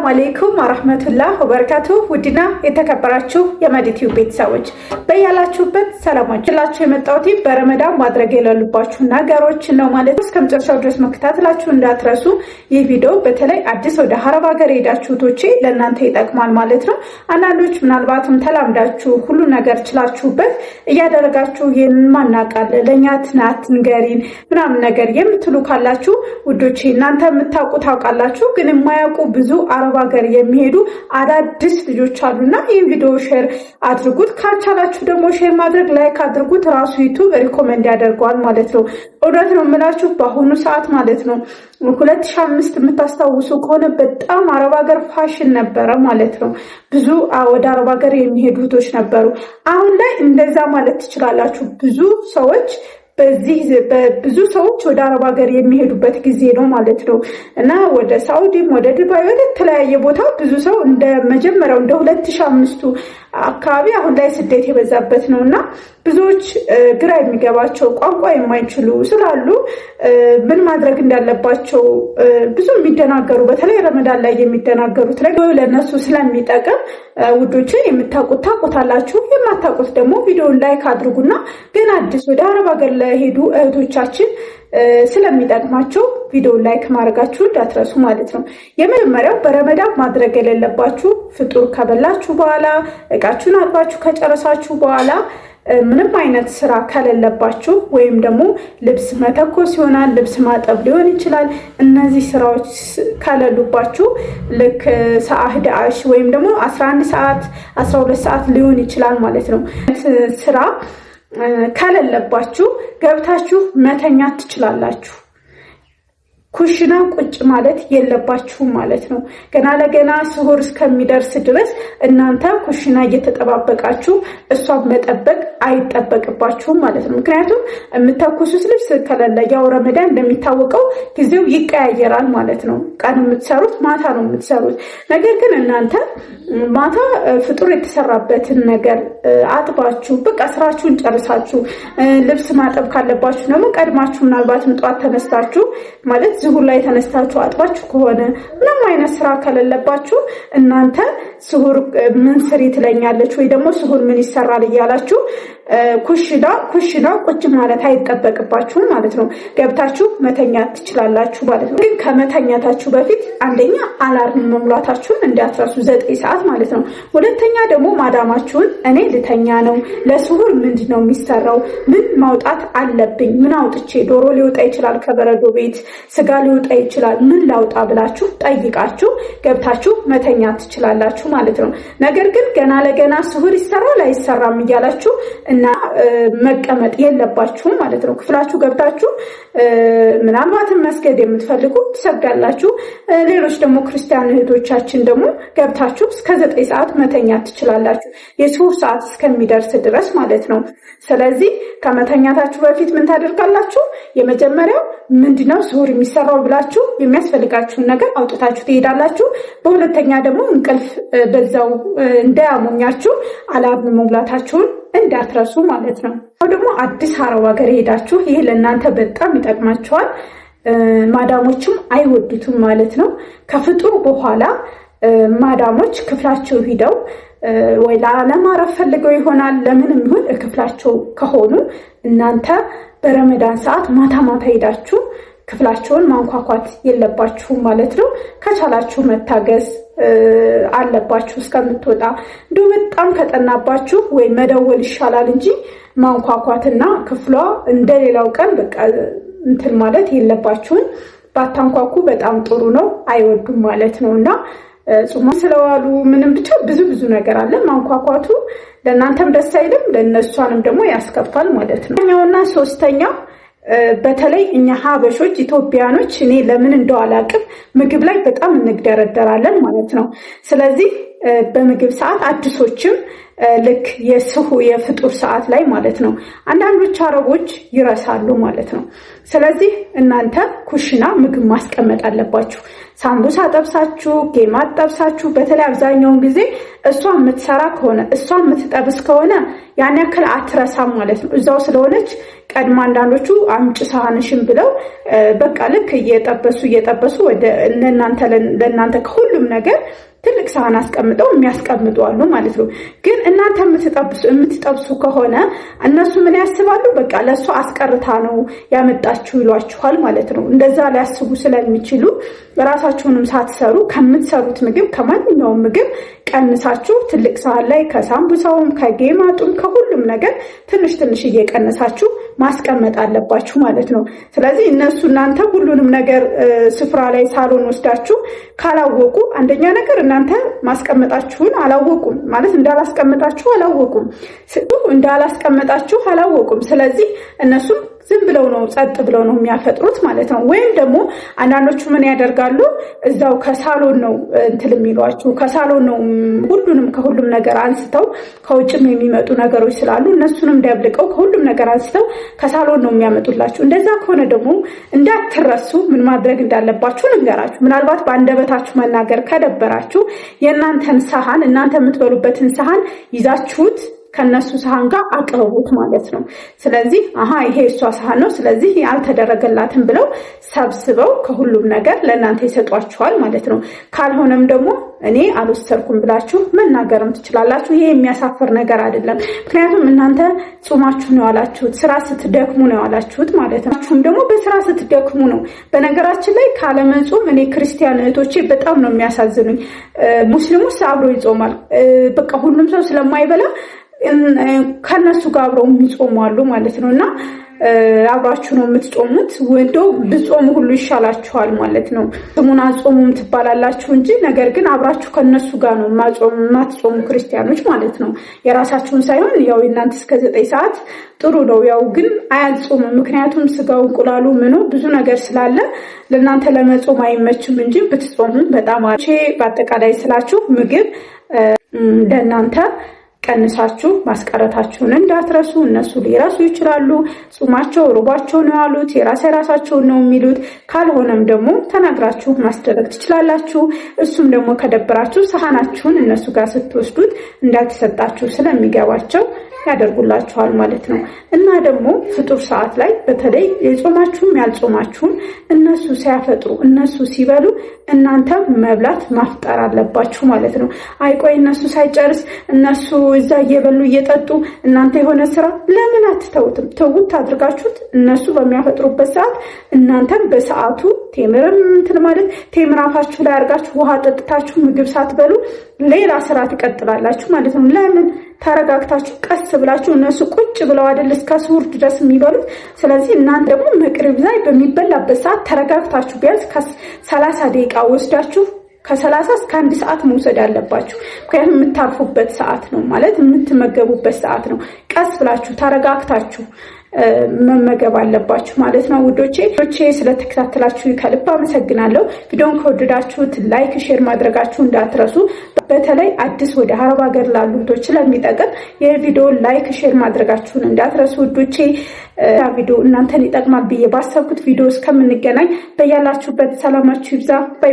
አሰላሙ አሌይኩም ወረህመቱላህ ወበረካቱ። ውድና የተከበራችሁ የመዲቲው ቤተሰቦች በያላችሁበት ሰላሞች ላችሁ የመጣሁት በረመዳን ማድረግ የሌሉባችሁ ነገሮች ነው ማለት ነው። እስከ መጨረሻው ድረስ መከታተላችሁ እንዳትረሱ። ይህ ቪዲዮ በተለይ አዲስ ወደ አረብ ሀገር ሄዳችሁ ቶቼ ለእናንተ ይጠቅማል ማለት ነው። አንዳንዶች ምናልባትም ተላምዳችሁ ሁሉ ነገር ችላችሁበት እያደረጋችሁ ይህንን ማናቃለ ለእኛ ትናት ንገሪን ምናምን ነገር የምትሉ ካላችሁ ውዶቼ እናንተ የምታውቁ ታውቃላችሁ፣ ግን የማያውቁ ብዙ አረ አረብ ሀገር የሚሄዱ አዳዲስ ልጆች አሉና ይህን ቪዲዮ ሼር አድርጉት። ካልቻላችሁ ደግሞ ሼር ማድረግ ላይክ አድርጉት። ራሱ ዩቱብ ሪኮመንድ ያደርገዋል ማለት ነው። እውነት ነው የምላችሁ በአሁኑ ሰዓት ማለት ነው። ሁለት ሺህ አምስት የምታስታውሱ ከሆነ በጣም አረብ ሀገር ፋሽን ነበረ ማለት ነው። ብዙ ወደ አረብ ሀገር የሚሄዱ እህቶች ነበሩ። አሁን ላይ እንደዛ ማለት ትችላላችሁ ብዙ ሰዎች በዚህ ብዙ ሰዎች ወደ አረብ ሀገር የሚሄዱበት ጊዜ ነው ማለት ነው እና ወደ ሳውዲም ወደ ዱባይ ወደ ተለያየ ቦታ ብዙ ሰው እንደ መጀመሪያው እንደ ሁለት ሺህ አምስቱ አካባቢ አሁን ላይ ስደት የበዛበት ነው እና ብዙዎች ግራ የሚገባቸው ቋንቋ የማይችሉ ስላሉ ምን ማድረግ እንዳለባቸው ብዙ የሚደናገሩ በተለይ ረመዳን ላይ የሚደናገሩት ላይ ለእነሱ ስለሚጠቅም ውዶችን የምታውቁት ታውቁታላችሁ፣ የማታውቁት ደግሞ ቪዲዮን ላይክ አድርጉና ገና አዲስ ወደ አረብ ሀገር ላይ ሄዱ እህቶቻችን ስለሚጠቅማቸው ቪዲዮ ላይክ ማድረጋችሁ እንዳትረሱ ማለት ነው። የመጀመሪያው በረመዳን ማድረግ የሌለባችሁ ፍጡር ከበላችሁ በኋላ እቃችሁን አጥባችሁ ከጨረሳችሁ በኋላ ምንም አይነት ስራ ከሌለባችሁ ወይም ደግሞ ልብስ መተኮስ ይሆናል፣ ልብስ ማጠብ ሊሆን ይችላል። እነዚህ ስራዎች ከሌሉባችሁ ልክ ሰዓት ወይም ደግሞ 11 ሰዓት 12 ሰዓት ሊሆን ይችላል ማለት ነው ስራ ከሌለባችሁ ገብታችሁ መተኛት ትችላላችሁ። ኩሽና ቁጭ ማለት የለባችሁም ማለት ነው። ገና ለገና ስሁር እስከሚደርስ ድረስ እናንተ ኩሽና እየተጠባበቃችሁ እሷን መጠበቅ አይጠበቅባችሁም ማለት ነው። ምክንያቱም የምተኩሱት ልብስ ከሌለ ያው ረመዳን እንደሚታወቀው ጊዜው ይቀያየራል ማለት ነው። ቀን የምትሰሩት ማታ ነው የምትሰሩት። ነገር ግን እናንተ ማታ ፍጡር የተሰራበትን ነገር አጥባችሁ በቃ ስራችሁን ጨርሳችሁ ልብስ ማጠብ ካለባችሁ ደግሞ ቀድማችሁ ምናልባት ምጧት ተነስታችሁ ማለት ዝሁን ላይ ተነስታችሁ አጥባችሁ ከሆነ ምንም አይነት ስራ ከሌለባችሁ እናንተ ስሁር ምን ስሪ ትለኛለች ወይ ደግሞ ስሁር ምን ይሰራል እያላችሁ ኩሽዳ ኩሽዳ ቁጭ ማለት አይጠበቅባችሁም ማለት ነው። ገብታችሁ መተኛ ትችላላችሁ ማለት ነው። ግን ከመተኛታችሁ በፊት አንደኛ አላርም መሙላታችሁን እንዳትረሱ፣ ዘጠኝ ሰዓት ማለት ነው። ሁለተኛ ደግሞ ማዳማችሁን እኔ ልተኛ ነው፣ ለስሁር ምንድን ነው የሚሰራው? ምን ማውጣት አለብኝ? ምን አውጥቼ ዶሮ ሊወጣ ይችላል፣ ከበረዶ ቤት ስጋ ሊወጣ ይችላል፣ ምን ላውጣ ብላችሁ ጠይቃችሁ ገብታችሁ መተኛ ትችላላችሁ ማለት ነው። ነገር ግን ገና ለገና ስሁር ይሰራል አይሰራም እያላችሁ እና መቀመጥ የለባችሁም ማለት ነው። ክፍላችሁ ገብታችሁ ምናልባትም መስገድ የምትፈልጉ ትሰጋላችሁ ሌሎች ደግሞ ክርስቲያን እህቶቻችን ደግሞ ገብታችሁ እስከ ዘጠኝ ሰዓት መተኛት ትችላላችሁ፣ የስሁር ሰዓት እስከሚደርስ ድረስ ማለት ነው። ስለዚህ ከመተኛታችሁ በፊት ምን ታደርጋላችሁ? የመጀመሪያው ምንድነው ስሁር የሚሰራው ብላችሁ የሚያስፈልጋችሁን ነገር አውጥታችሁ ትሄዳላችሁ። በሁለተኛ ደግሞ እንቅልፍ በዛው እንዳያሞኛችሁ አላብ መሙላታችሁን እንዳትረሱ ማለት ነው። ደግሞ አዲስ አረብ ሀገር ሄዳችሁ ይሄ ለእናንተ በጣም ይጠቅማችኋል። ማዳሞችም አይወዱትም ማለት ነው። ከፍጡር በኋላ ማዳሞች ክፍላቸው ሂደው ወይ ላለማረፍ ፈልገው ይሆናል። ለምንም ይሁን ክፍላቸው ከሆኑ እናንተ በረመዳን ሰዓት ማታ ማታ ሄዳችሁ ክፍላቸውን ማንኳኳት የለባችሁም ማለት ነው። ከቻላችሁ መታገዝ አለባችሁ እስከምትወጣ። እንዲሁ በጣም ከጠናባችሁ ወይ መደወል ይሻላል እንጂ ማንኳኳትና ክፍሏ እንደሌላው ቀን በቃ እንትን ማለት የለባችሁን። ባታንኳኩ በጣም ጥሩ ነው። አይወዱም ማለት ነው እና ጹማ ስለዋሉ ምንም ብቻ ብዙ ብዙ ነገር አለ። ማንኳኳቱ ለእናንተም ደስ አይልም፣ ለእነሷንም ደግሞ ያስከፋል ማለት ነው። ኛውና ሶስተኛው በተለይ እኛ ሀበሾች ኢትዮጵያኖች እኔ ለምን እንደው አላውቅም ምግብ ላይ በጣም እንደረደራለን ማለት ነው። ስለዚህ በምግብ ሰዓት አዲሶችም ልክ የስሁ የፍጡር ሰዓት ላይ ማለት ነው። አንዳንዶች አረቦች ይረሳሉ ማለት ነው። ስለዚህ እናንተ ኩሽና ምግብ ማስቀመጥ አለባችሁ። ሳምቡሳ ጠብሳችሁ፣ ጌማ ጠብሳችሁ። በተለይ አብዛኛውን ጊዜ እሷ የምትሰራ ከሆነ እሷ የምትጠብስ ከሆነ ያን ያክል አትረሳም ማለት ነው። እዛው ስለሆነች ቀድማ አንዳንዶቹ አምጭ ሳህንሽን ብለው በቃ ልክ እየጠበሱ እየጠበሱ ለእናንተ ከሁሉም ነገር ትልቅ ሳህን አስቀምጠው የሚያስቀምጡ አሉ ማለት ነው። ግን እናንተ የምትጠብሱ ከሆነ እነሱ ምን ያስባሉ? በቃ ለእሱ አስቀርታ ነው ያመጣችሁ ይሏችኋል ማለት ነው። እንደዛ ሊያስቡ ስለሚችሉ ራሳችሁንም ሳትሰሩ ከምትሰሩት ምግብ ከማንኛውም ምግብ ቀንሳችሁ ትልቅ ሳህን ላይ ከሳምቡሳውም ከጌማጡም ከሁሉም ነገር ትንሽ ትንሽ እየቀነሳችሁ ማስቀመጥ አለባችሁ ማለት ነው። ስለዚህ እነሱ እናንተ ሁሉንም ነገር ስፍራ ላይ ሳሎን ወስዳችሁ ካላወቁ አንደኛ ነገር እናንተ ማስቀመጣችሁን አላወቁም ማለት እንዳላስቀመጣችሁ አላወቁም፣ እንዳላስቀመጣችሁ አላወቁም። ስለዚህ እነሱም ዝም ብለው ነው ጸጥ ብለው ነው የሚያፈጥሩት ማለት ነው። ወይም ደግሞ አንዳንዶቹ ምን ያደርጋሉ እዛው ከሳሎን ነው እንትል የሚሏችሁ ከሳሎን ነው ሁሉንም ከሁሉም ነገር አንስተው ከውጭም የሚመጡ ነገሮች ስላሉ እነሱንም ደብልቀው ከሁሉም ነገር አንስተው ከሳሎን ነው የሚያመጡላችሁ። እንደዛ ከሆነ ደግሞ እንዳትረሱ ምን ማድረግ እንዳለባችሁ ልንገራችሁ። ምናልባት በአንደበታችሁ መናገር ከደበራችሁ የእናንተን ሰሃን እናንተ የምትበሉበትን ሰሃን ይዛችሁት ከነሱ ሳህን ጋር አቅርቡት ማለት ነው። ስለዚህ አሀ ይሄ እሷ ሳህን ነው፣ ስለዚህ ያልተደረገላትም ብለው ሰብስበው ከሁሉም ነገር ለእናንተ ይሰጧችኋል ማለት ነው። ካልሆነም ደግሞ እኔ አልወሰርኩም ብላችሁ መናገርም ትችላላችሁ። ይሄ የሚያሳፍር ነገር አይደለም። ምክንያቱም እናንተ ጾማችሁ ነው ያላችሁት፣ ስራ ስትደክሙ ነው ያላችሁት ማለት ነው። ደግሞ በስራ ስትደክሙ ነው። በነገራችን ላይ ካለመጾም እኔ ክርስቲያን እህቶቼ በጣም ነው የሚያሳዝኑኝ። ሙስሊሙስ አብሮ ይጾማል። በቃ ሁሉም ሰው ስለማይበላ ከነሱ ጋር አብረው የሚጾሙ አሉ ማለት ነው እና አብራችሁ ነው የምትጾሙት። እንደው ብጾሙ ሁሉ ይሻላችኋል ማለት ነው። ስሙን አጾሙም ትባላላችሁ እንጂ ነገር ግን አብራችሁ ከነሱ ጋር ነው የማትጾሙ ክርስቲያኖች ማለት ነው። የራሳችሁን ሳይሆን ያው እናንተ እስከ ዘጠኝ ሰዓት ጥሩ ነው። ያው ግን አያጾምም። ምክንያቱም ስጋው እንቁላሉ ምኖ ብዙ ነገር ስላለ ለእናንተ ለመጾም አይመችም እንጂ ብትጾሙም በጣም በአጠቃላይ ስላችሁ ምግብ ለእናንተ ቀንሳችሁ ማስቀረታችሁን እንዳትረሱ። እነሱ ሊረሱ ይችላሉ። ጾማቸው ሩባቸው ነው ያሉት፣ የራስ የራሳቸውን ነው የሚሉት። ካልሆነም ደግሞ ተናግራችሁ ማስደረግ ትችላላችሁ። እሱም ደግሞ ከደብራችሁ ሰሃናችሁን እነሱ ጋር ስትወስዱት እንዳትሰጣችሁ ስለሚገባቸው ያደርጉላችኋል ማለት ነው። እና ደግሞ ፍጡር ሰዓት ላይ በተለይ የጾማችሁም ያልጾማችሁም እነሱ ሲያፈጥሩ እነሱ ሲበሉ እናንተ መብላት ማፍጠር አለባችሁ ማለት ነው። አይቆይ እነሱ ሳይጨርስ እነሱ እዛ እየበሉ እየጠጡ እናንተ የሆነ ስራ ለምን አትተውትም? ተውት አድርጋችሁት እነሱ በሚያፈጥሩበት ሰዓት እናንተም በሰዓቱ ቴምርም እንትን ማለት ቴምር አፋችሁ ላይ አድርጋችሁ ውሃ ጠጥታችሁ ምግብ ሳትበሉ ሌላ ስራ ትቀጥላላችሁ ማለት ነው። ለምን ተረጋግታችሁ ቀስ ብላችሁ እነሱ ቁጭ ብለው አይደል እስከ ስውር ድረስ የሚበሉት። ስለዚህ እናንተ ደግሞ መቅረብ ላይ በሚበላበት ሰዓት ተረጋግታችሁ ቢያንስ ከሰላሳ ደቂቃ ወስዳችሁ ከሰላሳ እስከ አንድ ሰዓት መውሰድ አለባችሁ። ምክንያቱም የምታርፉበት ሰዓት ነው ማለት የምትመገቡበት ሰዓት ነው። ቀስ ብላችሁ ተረጋግታችሁ መመገብ አለባችሁ ማለት ነው ውዶቼ። ዶቼ ስለተከታተላችሁ ከልብ አመሰግናለሁ። ቪዲዮን ከወደዳችሁት ላይክ፣ ሼር ማድረጋችሁ እንዳትረሱ። በተለይ አዲስ ወደ አረብ ሀገር ላሉ ውዶች ስለሚጠቅም የቪዲዮ ላይክ፣ ሼር ማድረጋችሁን እንዳትረሱ ውዶቼ። ቪዲዮ እናንተን ይጠቅማል ብዬ ባሰብኩት ቪዲዮ እስከምንገናኝ በያላችሁበት ሰላማችሁ ይብዛ። ባይ።